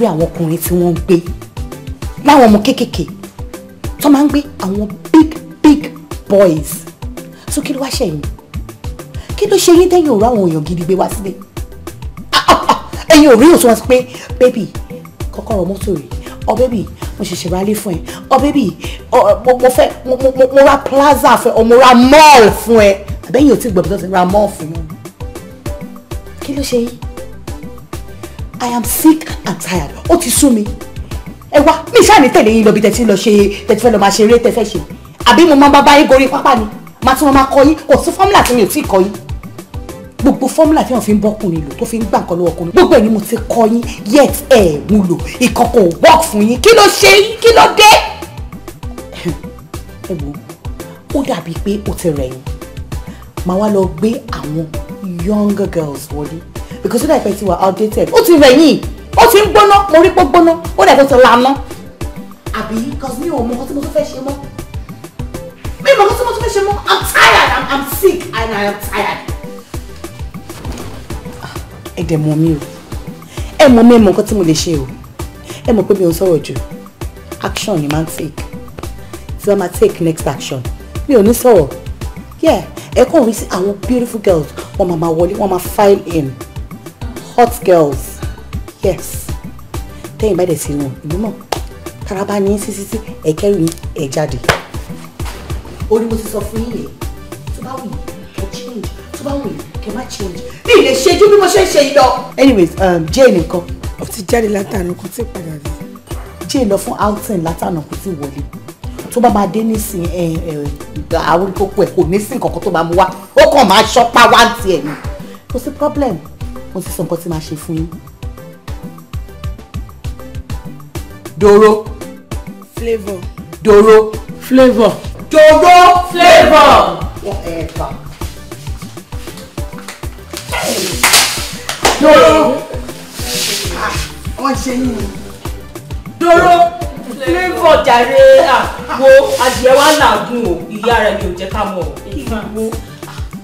sáré àwọn ọkùnrin tí wọ́n ń gbé láwọn ọmọ kéékèèké tó máa ń gbé àwọn big big boys tó kí ló wá ṣẹ̀yìn kí ló ṣe yín tẹ́yìn òru àwọn èèyàn gidi gbé wá sílé ẹ̀yin ò rí òtún wọn sí pé bébì kọ́kọ́rọ́ mọ́tò rèé ọ bébì mo ṣẹ̀ṣẹ̀ ra ilé fún ẹ ọ oh, bébì oh, mo fẹ́ mo ra plaza fún ẹ oh, mo ra mall fún ẹ àbẹ́yìn ò tí gbọ̀dọ̀ ti ra mall fún yín kí ló ṣe yín I am sick i'm tired ó ti sú mi ẹ wá mi ṣáà ní tẹ̀lé yín lọ bí tẹ̀sí lọ ṣe tẹ̀sí fẹ́ lọ máa ṣe eré tẹ̀fẹ́ ṣe àbí mo máa bá báyé gorí pápá ni màá tún máa kọ yín kò sí fọ́múlà tí mi ò tí ì kọ yín gbogbo fọ́múlà tí wọ́n fi ń bọ́kùnrin lò tó fi ń gbà nǹkan lọ́wọ́ ọkùnrin gbogbo ẹ̀ ni mo ti kọ yín yet ẹ̀ wúlò ìkọ̀kọ̀ work fún yín kí ló ṣe yín kí ló dé. ẹ wo ó dàbíi pé ó ti rẹ̀ yín màá wá lọ gbé àwọn younger girls wọlé because ó dàbí pé ti wà outdated ó ti rẹ̀ yín ó ti ń gbóná mo rí pé gbóná ó dẹ̀ kó ti laná àbí cos mi ò mọ nǹkan tí mo tún fẹ́ ṣe mọ́ mi ò mọ nǹkan mo tún fẹ́ ṣe mọ́ i'm tired i'm, I'm sick and i'm tired. ẹ dẹ̀ mọ̀ mi o ẹ mọ̀ mi ẹ mọ̀ nǹkan tí mo lè ṣe o ẹ mọ̀ pé mi ò sọ̀rọ̀ jù action ni máa ń take tí wọ́n máa take next action mi ò ní sọ̀rọ̀ yeah ẹ kàn rí sí àwọn beautiful girls wọ́n máa máa wọlé wọ́n máa file in hot girls yes tẹ́yìn bá dẹ̀ sí inú ìlú mọ̀ tára bá ní sí títí ẹ̀kẹ́ rí ẹ̀ jáde. ó ní mo ti sọ fún yín tó bá wù yín change tó bá wù yín má change bí ilé ṣe ju bí mo ṣe ń ṣe yìí lọ. anyways um, jane nǹkan. ó ti jáde látàánú kò tí padà rí. jane lọ fún outing látàánú kò tí ì wọlé tó bá máa dé nísìn ẹ ẹ àwọn kókó ẹ kò ní sí nǹkan kan tó máa mú wá ó kàn máa ṣọpá wá tiẹ̀ ni kò sí problem mo ti sọ nǹkan tí màá ṣe fún yín Doro flavour. Doro flavour. Doro flavour. whatever. dòró. Ah, wọ́n ṣe yín ni. dòró flavour jàre ah, wo adìẹ wa làágùn o ìyá rẹ mi ò jẹ́ ká mọ̀ o ah,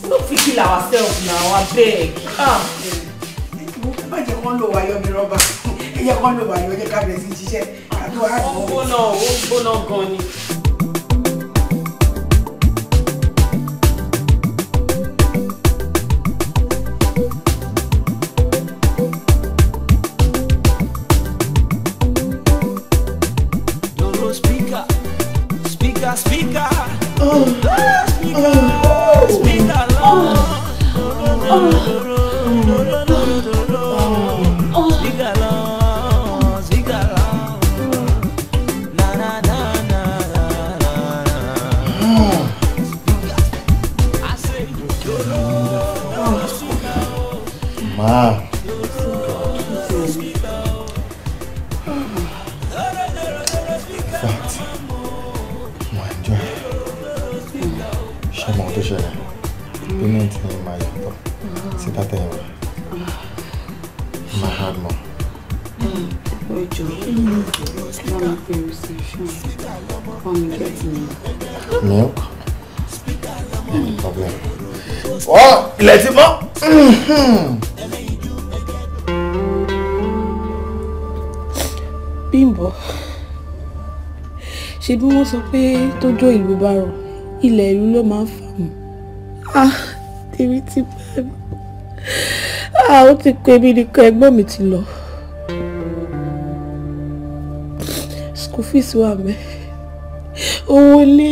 no fit kill ourselves now abeg. ẹ bá jẹ́ wọ́n lò wáyọ́ mi rọ́bà ẹ jẹ́ kọ́ ló wà ní ọjọ́ kábẹ̀rẹ̀ sí ṣiṣẹ́ àbí wàá dùn. ó gbóná ó gbóná gan ni. Speaker, oh, speaker, oh, speaker, oh, speaker, oh, oh, oh. fact mo enjoy ṣe mọ ohun tó ṣẹlẹ̀ payment ni máa yàtọ̀ sí dátà ẹ̀wẹ̀ máa hard mọ́. Milk? Any problem? Oh, ilẹ̀ ti mọ́! ṣe bí wọ́n sọ pé tójó ìlú bá rọ̀ ilẹ̀ ìlú ló máa ń fà mọ́. ah tèmi ti pẹ́ mi ah ó ti pè mí nìkan ẹgbọ́n mi ti lọ. school fees wà mẹ́ owó ilé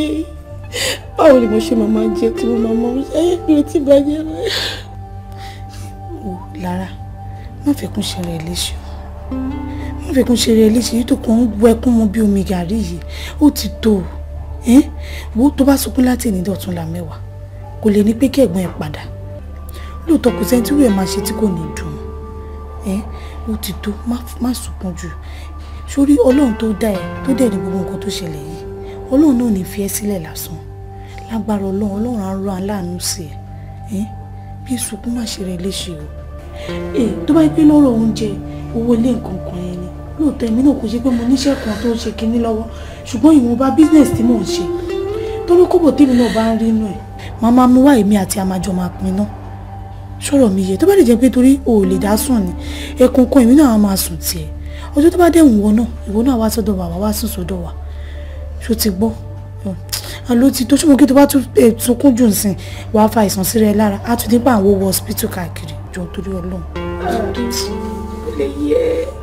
báwo ni mo ṣe máa máa jẹ tí mo máa mọ ẹyẹ mi ò tí ì bàjẹ́ rẹ. lára má fẹ́ ṣe rẹ̀ léṣe fẹ́ kún ṣeré léṣe yìí tó kàn ń wẹkún mu bí omi gàrí yìí ó ti tó o wo tó bá sunkún láti ènìyàn ọ̀tún la mẹ́wàá kò lè ní pé kí ẹ̀gbọ́n ẹ̀ padà lóòótọ́ kò sẹ́ni tí wíwẹ̀ máa ṣe tí kò ní dùn ó ti tó má sunkún jù sórí ọlọ́run tó dá ẹ tó dẹ̀ ní gbogbo nǹkan tó ṣẹlẹ̀ yìí ọlọ́run náà ní fi ẹ́ sílẹ̀ lásán lágbára ọlọ́run ọlọ́run á rọ aláàánú sí ẹ bí sunkún má ṣe rẹ léṣe o tó bá yẹ pé lọ́rọ̀ oúnjẹ owó ilé nǹkan kan yẹn ni lóòótọ́ èmi náà kò ṣe pé mo níṣẹ́ kan tó ń ṣe kinní lọ́wọ́ ṣùgbọ́n ìwọ̀nba business tí mò ń ṣe torí kóbò tèmi náà bá ń rí inú ẹ̀ màmá mú wá èmi àti àmàjọ máa pin náà sọ̀rọ̀ mi yẹ tó bá lè jẹ́ pé torí o ò lè dá sùn ni ẹkùn kan èmi náà máa sùn tiẹ̀ ọjọ́ tó bá dẹ̀ wọ̀ náà ìwọ náà wá sọ́dọ̀ wà wá sùn sọ́dọ̀ wà ṣó ti gbọ́ àló ti tó ṣùgbọ́n kí tó bá sunkún jù nsìn wàá fa àìsàn sí rẹ lára á tún nípa àwọn owó hospital káàkiri jọ torí ọlọ́run. ó lè yẹ ẹ́.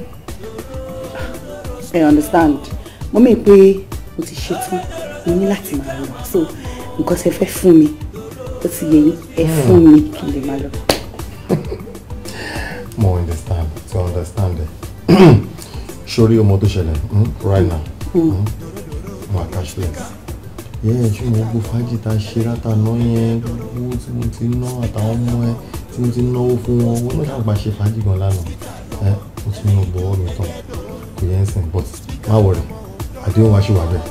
I understand mo mọ̀ pé mo ti ṣetán mo ní láti máa lọ so nǹkan tẹ fẹ́ fún mi ó ti yẹ yín ẹ fún mi kí n lè máa lọ. mo understand to understand ẹ sórí ọmọ tó ṣẹlẹ̀ right now hmm. Hmm? mo attach lens yẹ́n ṣé mo gbó fájì tá a ṣe ráta ná yẹn gbogbo tí mo ti ná àtàwọn ọmọ ẹ tí mo ti náwó fún wọn wọn náà ṣàgbà ṣe fàájì gan lánàá ẹ eh, mo ti mú bọ́ ọ tán pè é ẹ̀sìn but má wọ̀rẹ̀ àdéhùn wa ṣì wà bẹ́ẹ̀.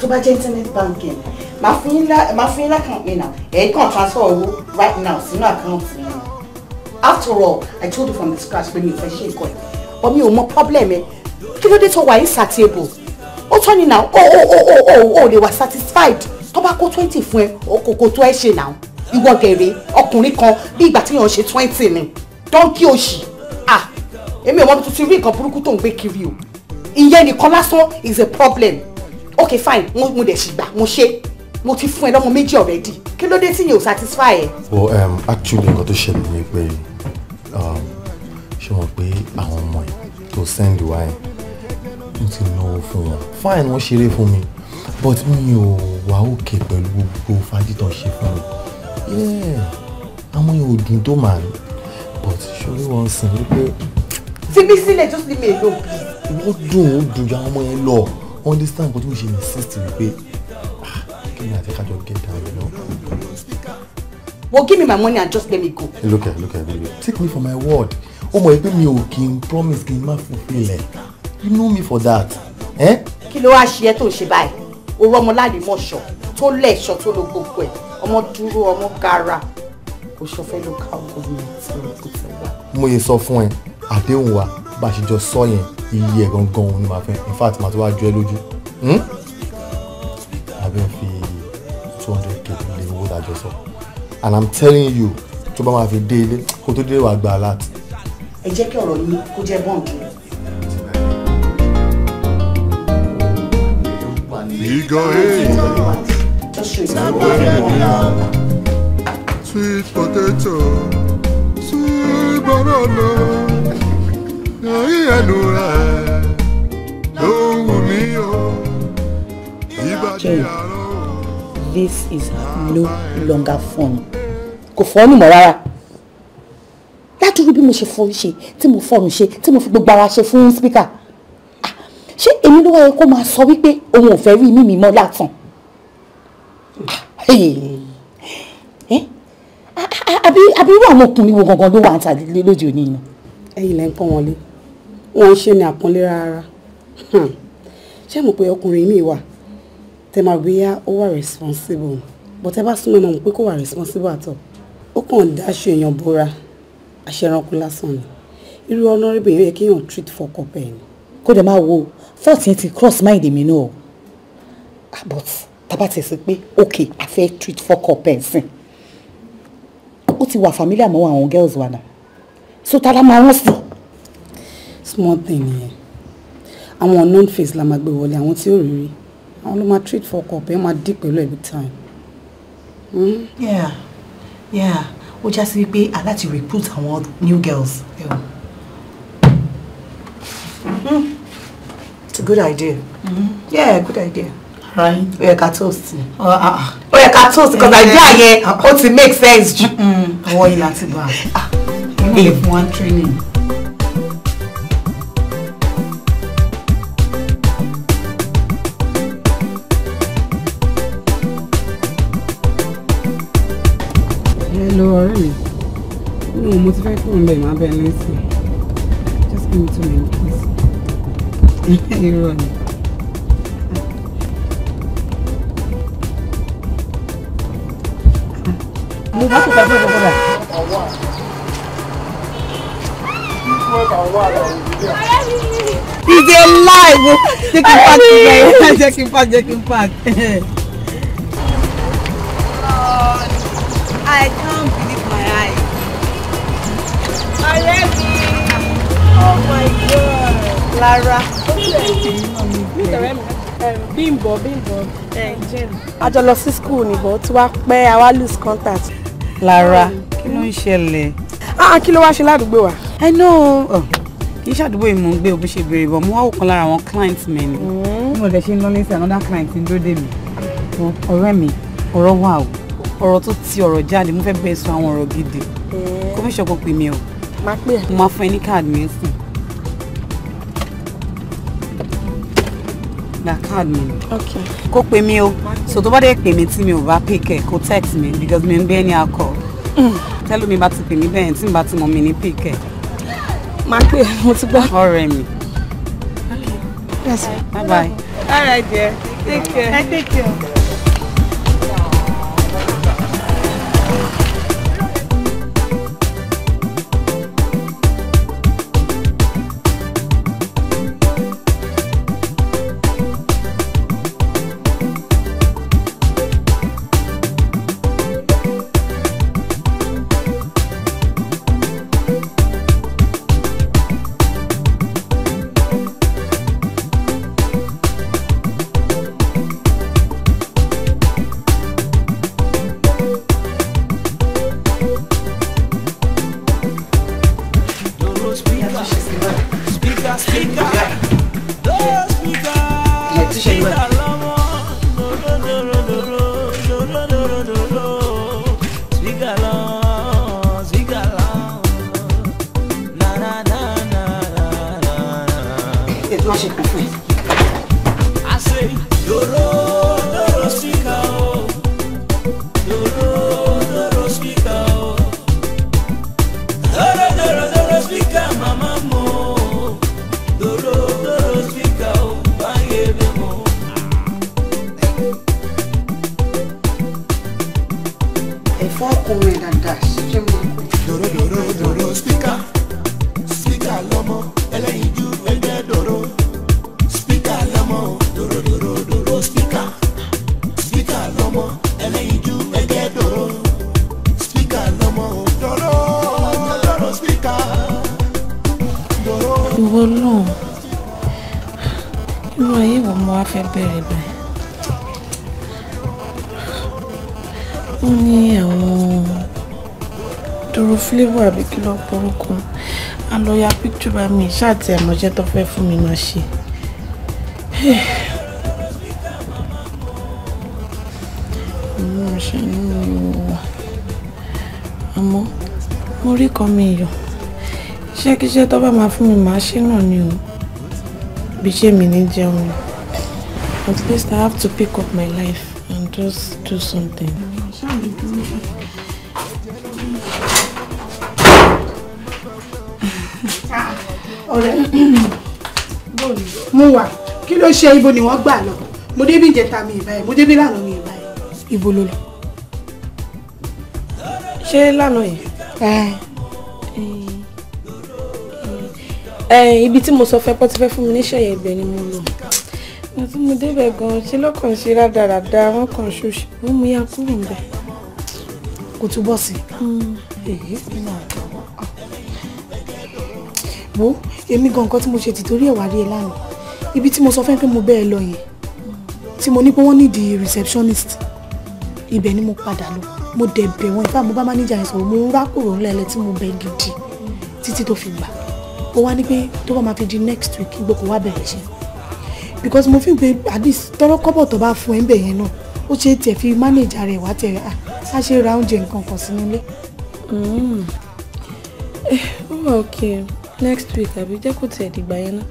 tó bá jẹ́ internet banking máa fún yín lákàntì náà ẹ̀yìn kan transfer owó right now sínú àkáǹtì yẹn after all i told you from the scratch pé mi ò fẹ́ ṣe nǹkan ẹ̀ but mi ò mọ problem ẹ̀ kí ló dé tó wà insatiable ó tọ́ ni now oh oh oh oh oh, ó lè wà satisfied tó bá kó twenty fún ẹ kòkò tó ẹ ṣe now ìwọ gẹ̀rẹ́ ọkùnrin kan bí ìgbà tí yàn ṣe twenty ni dọ́ńkì òṣì èmi ò mọ bí tuntun rí nǹkan burúkú tó ń gbé kiri o ìyẹn nìkan lásán is a problem ok fine mo mo dẹ̀ ṣì gbà mo ṣe mo ti fún ẹ lọ́mọ méjì already kí ló dé tí yẹn ò satisfy ẹ. Well, um, actually nǹkan tó ṣẹlẹ̀ ni pé um, ṣé wọn pé àwọn ọmọ yìí tó send wa yẹn mo ti náwó fún wọn fine wọn ṣeré fún mi but mi ò wá òkè pẹ̀lú gbogbo fàájì tó ń ṣe fún mi àwọn yòó dùn tó màá but ṣorí wọn sìn wípé fi mí sílẹ̀ just leave me alone. wọ́n dùn ó dùn ju àwọn ọmọ yẹn lọ wọ́n understand nǹkan tí mo ṣe insist wípé ah, kí ni àtẹ́kájọ get down you know. well give me my money and just let me go. look at look at baby take me for my word ó mọ̀ pé mi ò kí n promise kí n má fulfill ẹ̀ you know me for that. Eh? kí ló wá ṣe ẹ́ tó ń ṣe báyìí orú ọmọ láàlè mọ̀ṣọ́ tó lẹ̀ṣọ́ tó lo gbogbo ẹ̀ ọmọ dúró ọmọ gara kò ṣọfẹ́ ló ká ọgbọ́n mi mo kò tẹ̀ wá. mo yẹ sọ fún ẹ àdéhùn wa bá a ṣe jọ sọ yẹn iye ẹ̀ gangan òun ni màá fẹ́ in fact màá tó wá jọ ẹ lójú àbí hmm? n fi two hundred k lé owó tàjọ sọ and i'm telling you tó bá máa fi dé ilé kó tó dé wàá gba alert. ẹ jẹ́ kí ọ̀rọ̀ yín kó jẹ́ bọ́ǹdì. Ìgò èèyàn, sábà rẹ̀ bí i, sweet potato ròdò orí ẹnu rẹ ló ń wù mí o ìbàdí àárọ̀. This is no longer fun kò fọ́ọ̀nù mọ́ rárá látúrú bí mo ṣe fọ́ọ̀nù ṣe tí mo fọ́ọ̀nù ṣe tí mo fi gbogbo ara ṣe fún spíkà ah, ṣé èmi ló wáyé kó máa sọ wípé òun ò fẹ́ rí mímí mọ́ látàn. Ah, àbí àbí irú àwọn ọkùnrin wo gangan ló wà níta lóde òní yìí. ẹ̀yin lẹ ń pọ́n wọn lé wọn ń ṣe ní àpọ́nlé rárá hmm. ṣé mo pé ọkùnrin mi wà tẹ máa gbé yá ó wà responsible but ẹ bá súnmọ́ ẹ mọ̀ pé kò wà responsible àtọ̀ ó kàn dá aṣọ èèyàn bóra aṣẹranko lásán ni irú honorable yẹn yẹ kéèyàn treat fọkọ bẹ́ẹ̀ ni. kó dẹ̀ máa wo fọ́ọ̀tì yẹn ti cross mind mi náà ah, but tábà tẹ̀sí pé ok a fẹ́ treat fọkọ bẹ́ẹ̀ sìn ó ti wà familiar mọ́ àwọn girls wa náà so ta la máa wọ́n sùn. small thing yẹn àwọn unknown face la máa gbé wọlé àwọn tí ó rí rí àwọn ló máa treat for ọkọ ọbẹ̀ máa dì pẹ̀lú every time. Hmm? yeah yeah ó já sí wípé aláti recruit àwọn new girls. Mm. it's a good idea. mm yeah good idea right ó yẹ ká toast ah, ah. ó yẹ ká toast because eh, idea yẹn ah, ó ti make sense jù. ọwọ́ yìí láti bá a wọ́n one training. hello ọ̀rẹ́ No inú mo ti fẹ́ kúrò níbẹ̀ máa bẹ ẹ just give me two minutes please. irọ́ ni. mo bá tó pàdé ọ̀gbọ̀n rẹ̀. ìdè láì wo jẹ́ kí n pàkì rẹ̀ jẹ́ kí n pàkì jẹ́ kí n pàkì. I can't believe my eyes. Ọ̀rẹ́ mi, oh my God. Lara, ó ti ẹ̀ tẹ̀yìn náà mi bẹ̀rẹ̀. Bímbọ̀ Bímbọ̀ Jane. A jọ lọ sí school nìbọn tí wàá pẹ́ àwa lose contact. Lára kí ló ń ṣẹlẹ̀. ah kí ló wá ṣe ládùúgbò wa. ẹ ná o kì í ṣàdúgbò yìí mò ń gbé o bí ṣe béèrè bọ̀ mo wá lára àwọn client mi ni. bí mm-hmm. mo dẹ̀ ṣe ń lọ lẹ́sìn another client ń dúró dè mí. ọ̀rẹ́ mi ọ̀rọ̀ wà o ọ̀rọ̀ tó ti ọ̀rọ̀ jáde mo fẹ́ bẹ́ẹ̀ sọ àwọn ọ̀rọ̀ gidi mm-hmm. kọ́míṣọ̀ kan pè mí o. mo máa fún ẹ ní káàdì mi sí i. na card mi okay kó pè mí o so tó bá dé pè mí tí mi ò bá pick ẹ kó text mi because mi ń bẹ ní akọ tẹ́lú mi bá ti pè mí bẹ́ẹ̀ tí mi bá ti mọ̀ mi ní pick ẹ. máa pè mo ti gbọ́. ọ̀rẹ́ mi. okay that's bye bye. all right dear take care. i take care. wá fẹ́ bẹ̀rẹ̀ báyìí ó ní àwọn dúró flavour àbí kí ló porúkọ a picture bá mi ṣáàtì àmọ́jẹ́ tó fẹ́ fún mi máa ṣe. mo ṣe ní ìwà àmọ́ mo rí kan mi yọ iṣẹ́ kíṣẹ́ tó bá máa fún mi máa ṣe náà ni o bí ṣé mi ní jẹun lọ. At least I have to pick up my life and just do something. Ọ̀rẹ́, mo wà kí ló ṣe ibo ni wọ́n gbà lọ? Mo débí ìjẹta mi ìbáyìí, mo débí lánàá mi ìbáyìí. Ibo ló lọ? Ṣé lánàá yìí? Ibi tí mo sọ fẹ́ pọ́tífẹ́ fún mi níṣẹ́ yẹn ibẹ̀ ni mo lọ mo tí mo débẹ̀ gan-an ṣe lọ́kàn ṣe rádaràda wọn kàn ṣoṣì wọ́n mú ya kúrò ń bẹ̀. kò tún bọ́ sí i. Hmm. èyí nínú àjọ wo èmi gan nǹkan tí mo ṣe tìtorí ẹ̀ wá rí ẹ lánàá ibi tí mo sọ fẹ́ pé mo bẹ́ẹ̀ lọ yẹn tí mo ní pé wọ́n nídìí receptionist ibẹ̀ ni mo padà lọ mo dẹ̀ bẹ̀ wọ́n ìfá mo bá manager yẹn sọ̀rọ̀ mo ń rákòrò ńlá ẹlẹ́ tí mo bẹ gidi títí tó fi gbà ó wá ní pé tó bá máa fi di next week gbogbo wa bẹ̀rẹ̀ ṣe because mo fi gbé at least tọrọ kọ́bọ̀ tó bá fún ẹ ń bẹ̀ yẹn náà ó ṣe tiẹ̀ fi manage rẹ̀ wá tiẹ̀ ah, á ṣe ra oúnjẹ nǹkan kan sí nílé. ó wà okay next week àbí jẹ́ kó tiẹ̀ dìgbà yẹn náà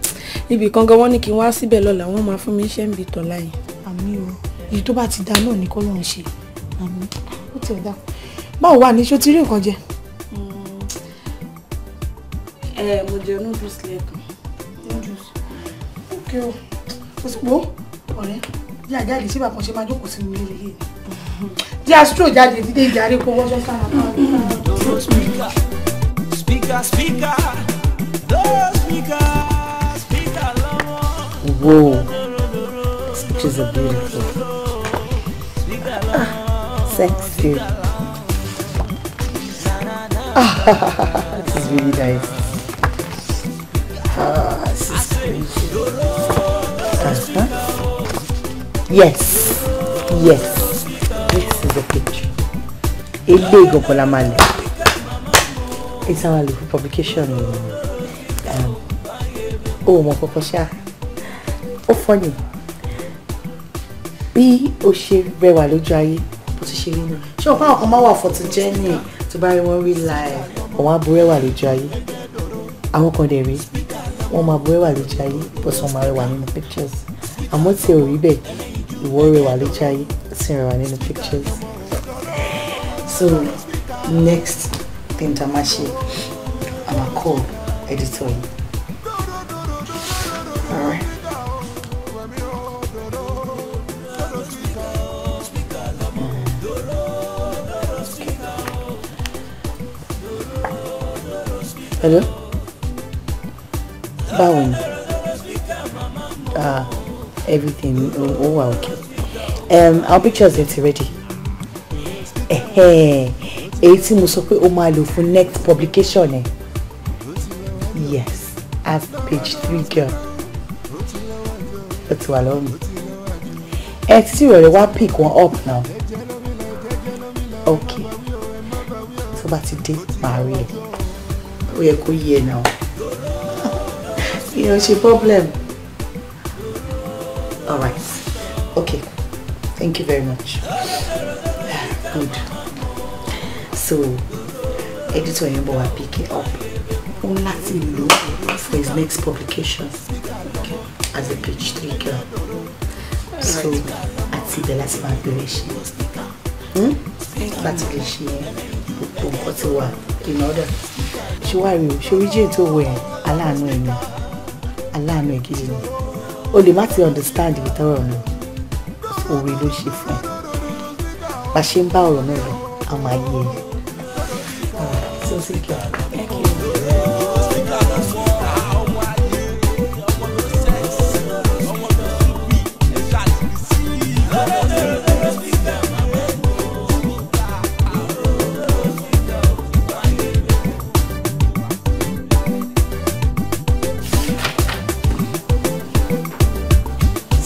ibì kan gan wọ́n ní kí n wá síbẹ̀ lọ́la wọ́n máa fún mi iṣẹ́ ń bi tọ́lá yẹn. àmì o èyí tó bá ti da náà ni kọ́ ló ń ṣe àmì ó tiẹ̀ dá báwo wà ní ṣó nǹkan jẹ. ẹ mm. eh, mo jẹ noodles lẹ́ẹ̀kan. noodles ok o. Oh wo ọ̀rẹ́ jẹ́ àjáde sí bàbá ṣe máa jókòó sínú ilé yìí jẹ́ astro jáde dídé ìjàre kó wọ́n sọ́kà Wow, she's a beautiful, ah, sexy. Ah, this is really nice. Ah, this is crazy. Huh? Yes. Yes. This is the picture. Ele Gokolamale. It's our little publication. Um, oh, my papa, Oh, funny. bí o ṣe rẹwà lójú ayé bó ti ṣe rí nù ṣé o fáwọn kan máa wà fọ́tún jẹ́ ní tó bá rí wọn rí láì ọ̀wọ́n aburẹ́wà lójú ayé àwọn kan dẹ̀ rí wọ́n máa bu ẹwà lójú ayé bó sọ máa rẹwà nínú pictures àmọ́ tí ò rí bẹ́ẹ̀ ìwọ rẹwà lójú ayé ó sì rẹwà nínú pictures. so next thing tá a máa ṣe a call editor yìí. Hello? báwo ni ah everything ó okay. òkè um, our pictures dey ti ready èyí tí mo sọ pé o máa lò fún next publication ẹ yes as page three girl ó ti wà lọ́wọ́ mi ẹ ti rẹ̀ wá pick one up now Okay. tó bá ti dé màá rí ẹ ó yẹ kó yé ẹ náà it's ṣe problem all right okay thank you very much good so editor yẹn bọ̀ wá pick it up ó ń láti lò for his next publication okay. as a pitch three so àti see the last bẹ̀rẹ̀ ṣe hmm? láti lè ṣe gbogbo nǹkan tí in order ṣé wàá rí o ṣé orí jẹ́ ètò òwe aláàánú aláàánú ẹ̀ gidi ni o lè má ti understand ibi tọ́rọ̀ mi òwe ló ṣe fún ẹ bá ṣe ń bá ọ̀rọ̀ náà lọ àwọn ayé ẹ.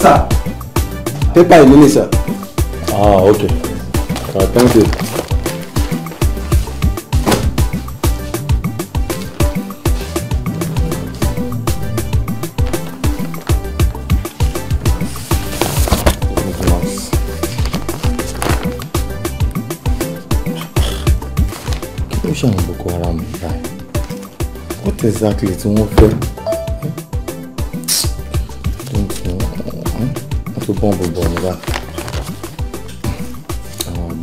sir. pépà yìí nílé sir. ah ok uh, thank you. ṣàwọn Boko Haram báyìí what exactly tí wọ́n fẹ́. tó bom bọ̀ bọ̀ nígbà àwọn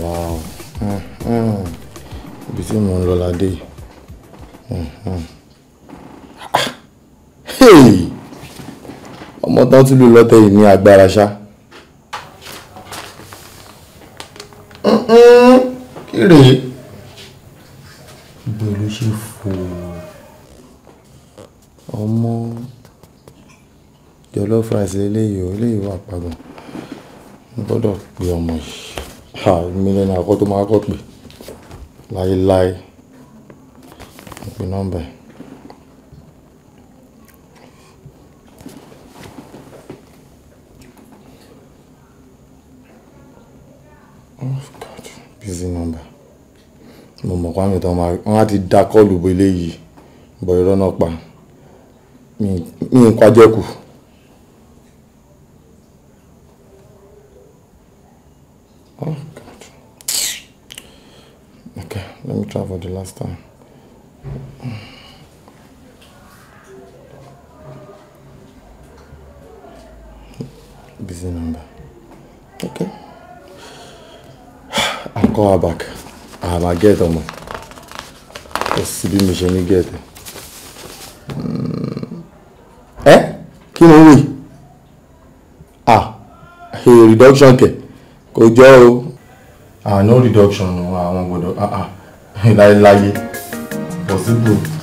wow hmm, hmm. ibi tí mo ń lọ ládé hmm, yìí ọmọ tán tún lù lọ́tẹ̀ yìí ní agbára ṣá. kí rèé. fries eléyìí o eléyìí wà pagàn n gbọ́dọ̀ pe ọmọ yìí ha mi lẹ́nu àkọ́ tó máa kọ́ pé láéláé mo pe nọ́mbà ẹ̀. oh god busy number mo mọ̀ kwami tán wọ́n á ti da kọ́ọ̀lù bo eléyìí bọ̀ irọ́ náà pa mi ń kwájẹ́kù. we traveled the last time. Busy number. Okay. I'll call her back. I'll get them. Let's see if she get it. Eh? kí ni wí? Ah, a reduction Okay. Go jọ Ah, no reduction o, àwọn gbọ́dọ̀ ah ah láéláyé possible.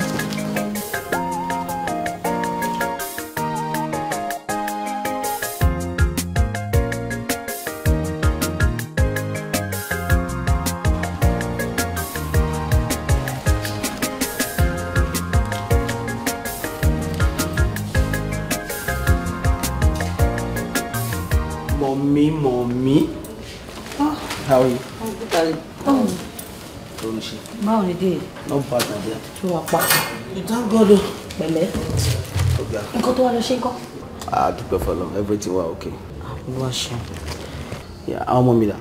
bọ́dọ̀ pẹ̀lẹ́ nǹkan tó wà lọ ṣe ń kọ́. a dúpẹ́ fọlọ́ everything wa okay. olúwa ṣe. àwọn ọmọ mi là.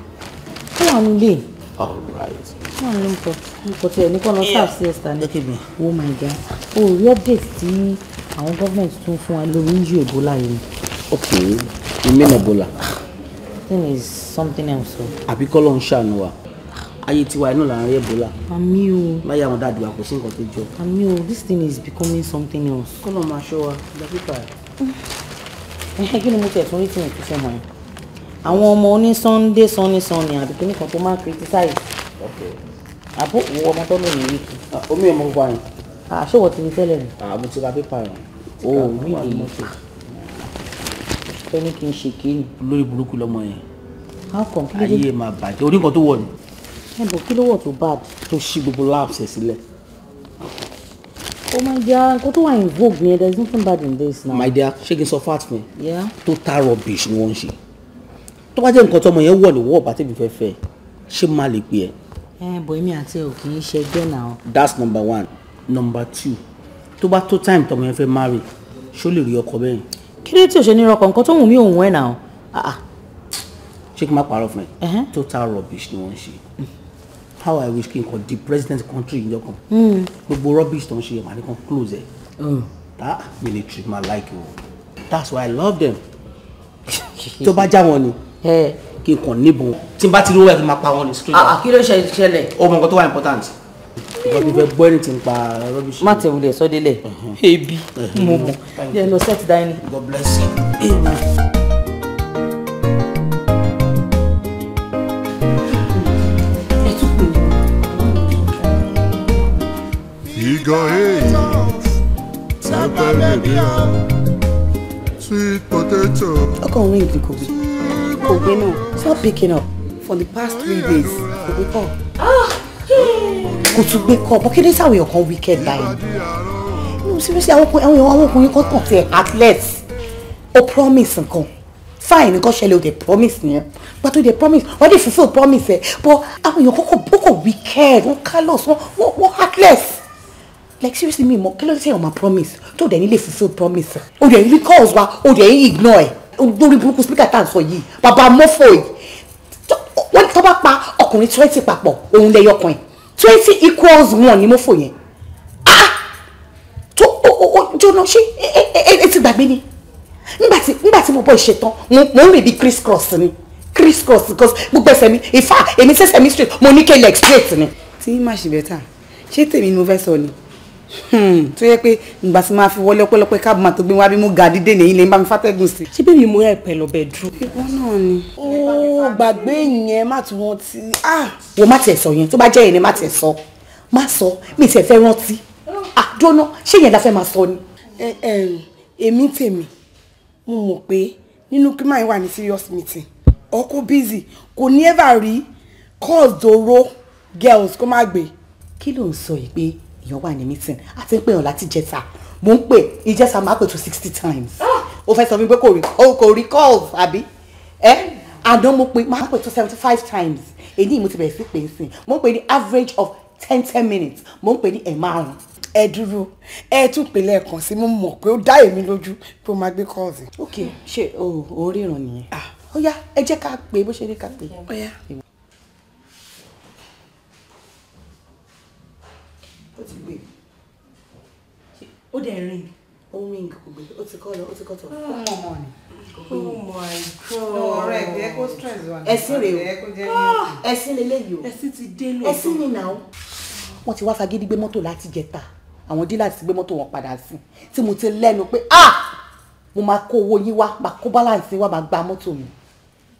kí wàá nu lè. all right. kí wàá nu nǹkan nǹkan tẹ̀ nípa lọ sáà sí ẹ̀sítà ní. oh my god o rí update tí àwọn gọ́ọ̀mẹ̀ntì tún fún wa lórí yíyú ebola yìí. okay you mean ebola. this is something else. àbí kọ́ ló ń ṣàánú wa ayé tiwa inú là ń rí ebola. àmì o. láyé àwọn dáàdùn wa kò sí nǹkan tó jọ. àmì o this thing is becoming something else. kọ́nà máa ṣọ́ wa dókítà. ẹ̀hẹ́ kí ni mo tẹ̀ tún rí tí mo fi fẹ́ mọ̀ ẹ́ àwọn ọmọ oní sunday sunday sunday àbí kí nìkan tó máa criticize. àbó òwò ọmọ tó lónìí wíìkì. omi ọmọ pupa yẹn. àṣọwọ́ ti ní tẹ́lẹ̀ ni. àbò ti ra pépà yẹn. o mi lè mọ̀ tó. fẹ́ ní kí n ṣe kéènì. olórí burúkú lọmọ yẹn. how come kí ló dé. ayé máa bàjẹ́ orí nǹkan tó wọ̀ ni ẹ kí ló wọ̀ tó bad tó ṣí gbogbo labs ẹ̀ sílẹ̀. oh my dear nǹkan tó wà in vogue yẹn there is nothing bad in this now. my dear ṣé kí n sọ fat mi. total rubbish ni wọ́n ń ṣe tó bá jẹ́ nǹkan tọmọ yẹn wọ̀ ló wọ̀ bàtẹ́bí fẹ́ fẹ́ ṣé má lè pè ẹ́. ẹ bọ̀ èmi àti ẹ ò kì í ṣẹgbẹ́ náà. that's number one number two tó bá tó time tọmọ yẹn fẹ́ marry ṣó lè rí ọkọ bẹ́ẹ̀. kí ló tí o ṣe ní rọkọ nǹkan tó wù mí òun ẹ̀ náà ah, ah. ṣé kí n má parọ́ fún ẹ total rubbish ni wọ́n ń ṣe how i wish kí n kàn di president country yìí lọ́kàn hmm. gbogbo rubbish tó ń ṣe màá ní close ẹ̀ hmm. that military man like you that's why i love them tó bá já wọn ni kí n kàn níbọn tí n bá ti rí owó ẹ̀ kí n máa pa wọn ni straight up. Ah, ah, kí ló ṣe ṣẹlẹ̀. o mọ̀ nǹkan tó wà important nǹkan tó fẹ́ gbọ́ ẹni tí ń pa rubbish. má tẹ̀wulẹ̀ sọ́délẹ̀ ebi mo mọ̀ yẹn lọ set dining. god bless you. Sweet potato. How come we you Kobe? Kobe no, stop picking up. For the past three days, Kobe call. Kò tún gbé kọ́ bọ́ kí ni sáwọn èèyàn kan wicked báyìí? No seriously àwọn ọkùnrin àwọn ọkùnrin kan kàn tiẹ̀ athlete. O promise nǹkan fine Because ṣẹlẹ̀ o dey promise yẹn but o dey promise wọ́n dey fulfill promise ẹ̀ but àwọn èèyàn kọ́kọ́ wicked wọ́n callous wọ́n heartless like seriously me mo kí ló ṣe ọmọ promise tó dẹ̀ nílé fulfil promise o dẹ̀ rí calls wa o dẹ̀ ignore ẹ̀ lórí burúkú speaker tá à ń sọ yìí bàbá mọ́fọ̀ yìí wọ́n tó pa ọkùnrin twenty papọ̀ òun lẹ́yọ kan ẹ̀ twenty equals one ni mọ́fọ̀ yẹn ah To o o o jóná ṣé ẹ ẹ ẹ ti gbàgbé ni nígbàtí nígbàtí mo bọ ìṣetán mo mo ń rìn bí criss cross ni criss cross because gbogbo ẹsẹ̀ mi ìfà èmi sẹ́sẹ̀ mi straight mo ní kele straight ni. tí má ṣe bẹ́tà ṣé tèmi ni mo fẹ́ sọ ni Hmm. tó yẹ pé ìgbà tí máa fi wọlé ọpẹ́lọpẹ́ káàbù máa tó gbé wá bí mo ga dídé nìyí lè ń bá mi fàtẹ́gùn sí. ṣé bẹ́ẹ̀ mi mú ẹ pẹ̀lú ọbẹ̀ dúró. ìwọ náà ni. ó gbàgbé yẹn má tún wọn ti. Ah! wo má tiẹ̀ sọ yẹn tó bá jẹ́ yẹn ni má tiẹ̀ sọ má sọ mi tiẹ̀ fẹ́ rántí àdóná ah, ṣé yẹn la máa sọ ni. èmi tèmi mo mọ̀ pé nínú kí máa wà ní serious meeting ọkọ busy kò ní ever rí girls kó má gbé. kí ló ń sọ yìí pé èèyàn wà ní meeting àti ń pè yàn láti jẹta mò ń pè ìjẹta máa pè tó sixty times ó ah! fẹ́ sọ mi pé kò rí kò rí calls àbí ẹ àná mo pè máa pè tó seventy five times èyí mo ti bẹ̀rẹ̀ sí pè é sìn ń pè ní average of ten ten minutes mo ń pè ní ẹ̀ márùn ẹ dúró ẹ tún pèlẹ kan sí mo mọ̀ pé ó dá èmi lójú pé ó máa gbé kọ́ọ̀sì. ok ṣe o ò ríran nìyẹn. Ah. ó yá ẹ jẹ́ ká pè bó ṣe ní ká pè. ó ó ti gbé ó dẹ̀ ring. ó ring, kò gbé ó ti kọ́ lọ ó ti kọ́ tọ̀. ó mọ̀ ni. oh my god. ọ̀rẹ́ ẹ̀ kó stress wa. ẹ̀sìn rèé o ah! ẹ̀sìn lélẹ́yìí o ẹ̀sìn ti dé lóòótọ́ ẹ̀sìn ni nà ó. wọ́n ti wá fagídí gbé mọ́tò láti jẹta àwọn dílà ti gbé mọ́tò wọn padà sí tí mo ti lẹ́nu pé ah mo máa kó owó yín wá máa kó balance wá máa gba mọ́tò mi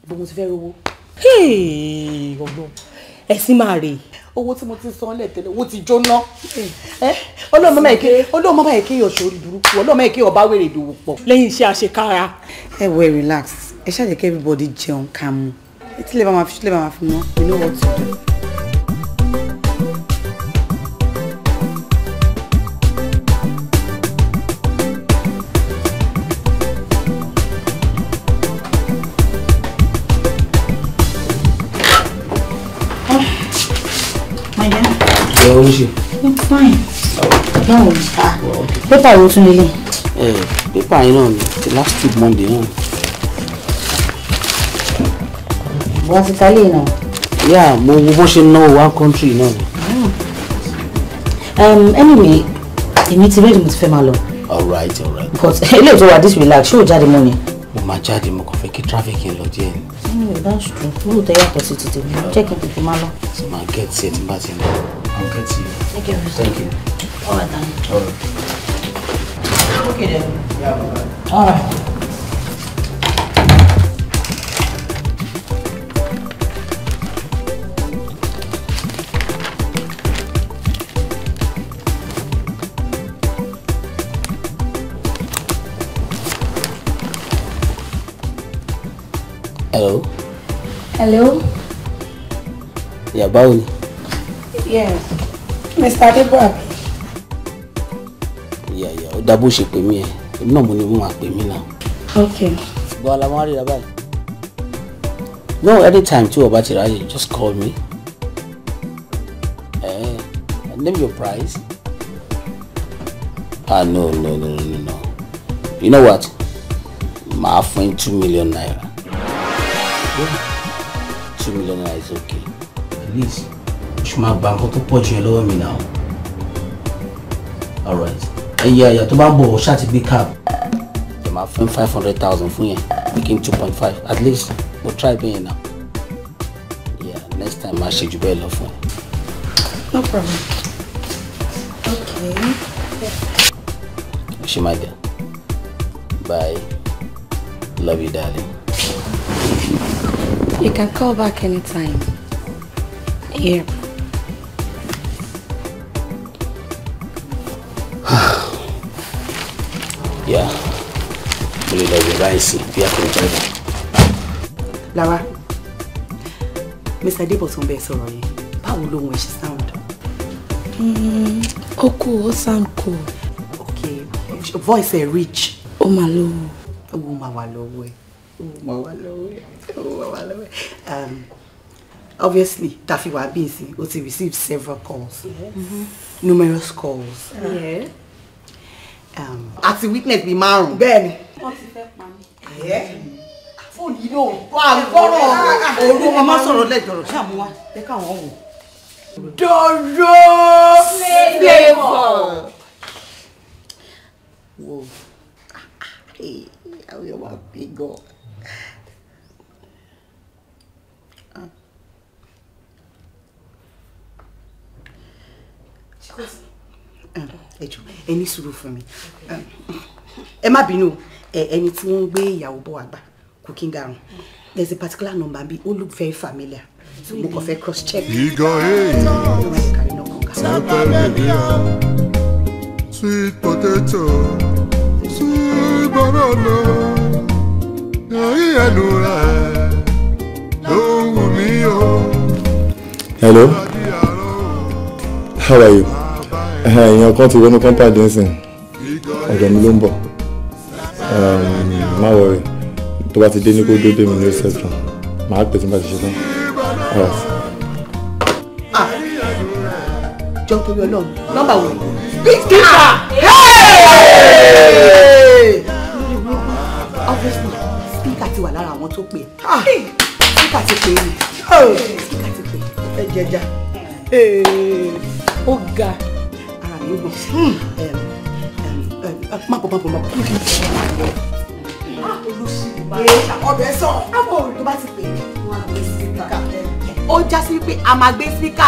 bí mo ti fẹ́ rówó. ọgbọ́n ẹ̀sìn máa rèé owó tí mo ti san lẹ̀ tẹ́lẹ̀ owó ti jóná ọlọ́mọ máa ké ọlọ́mọ máa ké ọ̀ṣọ́ orí burúkú ọlọ́mọ máa ké ọba wèrè ìdòwò pọ̀. lẹ́yìn iṣẹ́ àṣekára. ẹ wọ ẹ relax ẹ ṣáà jẹ́ kí everybody jẹun kàmú ẹ tí lè bá máa fi mọ́ you know what to do. ń ṣe. Ah, pépà wo tún lélẹ̀. pépà yẹn náà ni the last week monday náà. wọ́n ti kálé náà. yà mo wo bó ṣe náwó one country náà ni. Um, anyway èmi ti rẹ́ẹ̀dì mo ti fẹ́ máa lọ. alright alright. but ilé ìtura dis relax ṣé o jáde mọ́ ni. mo máa jáde mo kàn fẹ́ kí traffic yẹn lọ díẹ̀ ni. that's true lóòótọ́ yàtọ̀ sí ti tèmi jẹ́ kí n tètè máa lọ. ti máa gẹ̀ẹ́tì ẹ̀ tí bá ti lọ. I'll get to you. Thank you. Thank you. All right, then. All right. Okay, then. Yeah, right. Hello. Hello. Yeah, báwo Yes. Mr. Adébọ̀ àbí. Ìyá ìyá ó dá bó ṣe pè mí ẹ̀ èmi náà mo ní wọn àpè mí náà. Ok. Gbọ́ la wọ́n á ríra báyìí. No anytime tí o bá ti just call me. Eh, name your price. Ah no no no no no. You know what? Màá fún two million naira. Yeah. Two million naira is okay. Please ṣe máa gba nǹkan tó pọ̀ jù yẹn lọ́wọ́ mi náà alright ẹyẹ àyà tó bá ń bọ̀ ọ́ ṣáà ti gbé cab ẹ máa fún five hundred thousand fún yẹn making two point five at least mo try bẹ́ẹ̀ yẹn náà yeah next time máa ṣe jù bẹ́ẹ̀ lọ fún ẹ. no problem okay. ṣe máa dẹ̀ bye love you darling. You can call back anytime. Here. yà mo lè lọ wẹ̀ ráìsì bí akọ̀ mr adébọ̀tún bẹ́ẹ̀ sọ̀rọ̀ yẹn báwo lohun ẹ̀ ṣe sound. Hmm. ó kú ó sound kù. ok voice ẹ̀ rich. ó máa lówó. owó máa wà lọ́wọ́ ẹ̀ owó máa wà lọ́wọ́ ẹ̀ owó máa wà lọ́wọ́ ẹ̀ um, obviously tafiwa binsi o ti receive several calls yes. -hmm. numerous calls. Yeah. Um, àti witness bíi márùn. bẹ́ẹ̀ni. wọ́n ti fẹ́ pa mí. fóònù yìí ló wà gbọ́rọ̀ òru wọn má sọ̀rọ̀ lẹ́jọ̀rọ̀ ṣáà mú wa jẹ́ káwọn wò. dòrò flavour. wo ah, ah, ah, àwọn yóò wá bí gan. Chicos ẹ ẹ ní sùúrù fún mi ẹ má bínú ẹni tí wọ́n ń gbé ìyàwó bọ̀ àgbà kò kí n a particular number bí ó look very familiar so mo kàn fẹ́ cross check. ìgò èyí pepper mania sweet potato sweet banana ẹ̀yìn ẹnu rẹ̀ ló ń wù hello how are you èèyàn kan ti wọnú compound dancing ọ̀dọ̀ mi ló ń bọ̀ má wọrẹ̀ tó bá ti dé ní kó dóde mi ní reception màá pè tí n bá ti ṣe tán. jọ torí Ọlọ́run nọ́mbà wo ah, obviously speaker ti wà lára àwọn tó pè ah. speaker ti pè é speaker ti pè é. ẹ jẹja ó ga ló dùn. Hmm. má bọ̀ má bọ̀ má bọ̀ kí ah, ọbẹ̀ sọ. àbọ̀ olùkọ́ bá ti pè é wọn a máa gbé sípíkà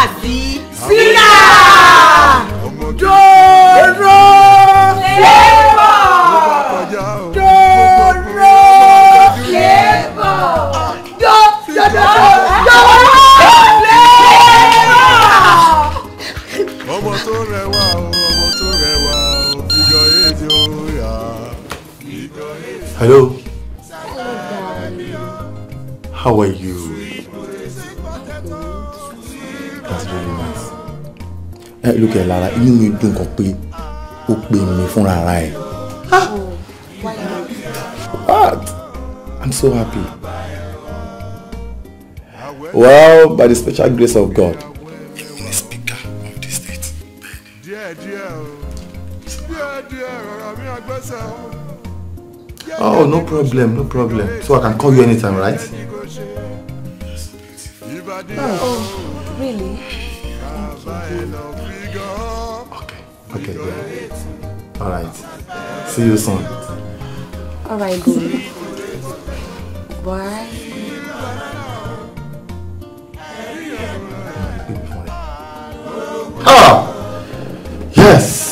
Hello. How are you? That's really nice. Ẹ lókè ẹ̀ lára you mi dùn kan pé ó pè mí fúnra ara What? I'm so happy. Well, by the special grace of God. Èmi ni speaker of the state. Díẹ̀ Oh, no problem, no problem. So I can call you anytime, right? Oh, really? Okay, okay, yeah. All right. See you soon. All right, good. Why? Ah! Yes!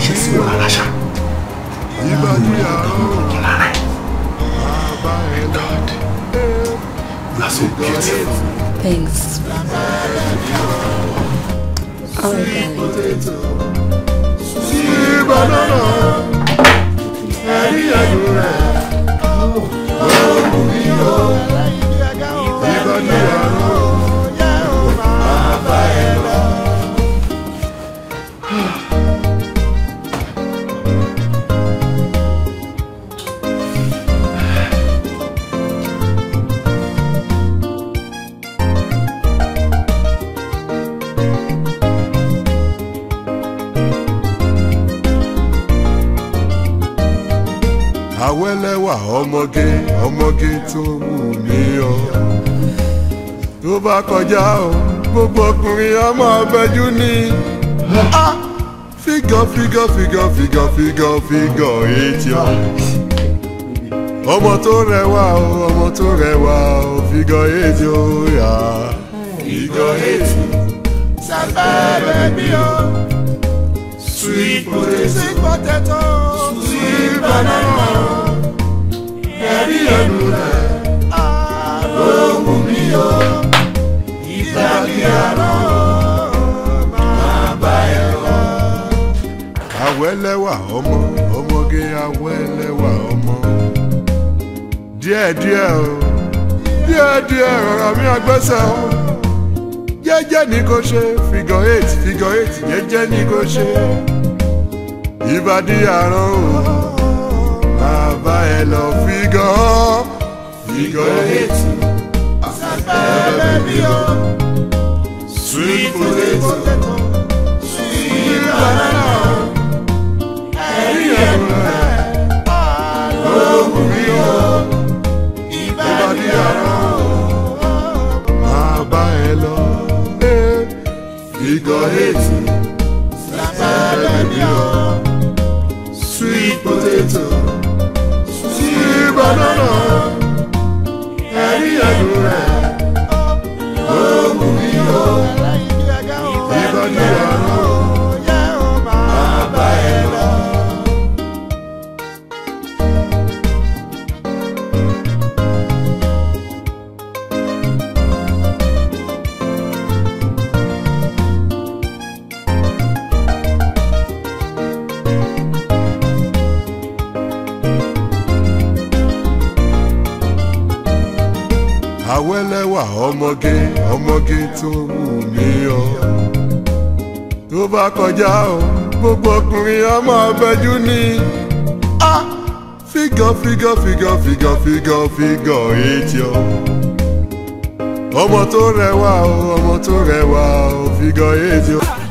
谢谢苏老师。tó wù mí o. tó bá kọjá o gbogbo ọkùnrin á máa bẹjú ni. fígọ̀ fígọ̀ fígọ̀ fígọ̀ fígọ̀ fígọ̀ etí ọ. ọmọ tó rẹwà o ọmọ tó rẹwà o fígọ̀ etí o yà. fígọ̀ etí sábẹ́rẹ́ mi o. sweet potato sweet banana. Daddy, I'm o ìgbà kí a rán máa bá ẹ lọ. àwẹ́lẹ́wà ọmọ ọmọge àwẹ́lẹ́wà ọmọ díẹ̀díẹ̀ o díẹ̀díẹ̀ rọra mi àgbẹ̀sẹ̀ o jẹ́jẹ́ ni kò ṣe figure eight figure eight jẹ́jẹ́ ni kò ṣe ìbàdí àrùn o bàbá ẹ lọ figure figure eight. Sweet potato, sweet banana oh. baby oh. Sweet potato, sweet banana oh. kọjá o gbogbo ọkùnrin á máa bẹjú ni. fígọ̀ fígọ̀ fígọ̀ fígọ̀ fígọ̀ fígọ̀ ètí o. ọmọ tó rẹwà o ọmọ tó rẹwà o fígọ̀ ètí o.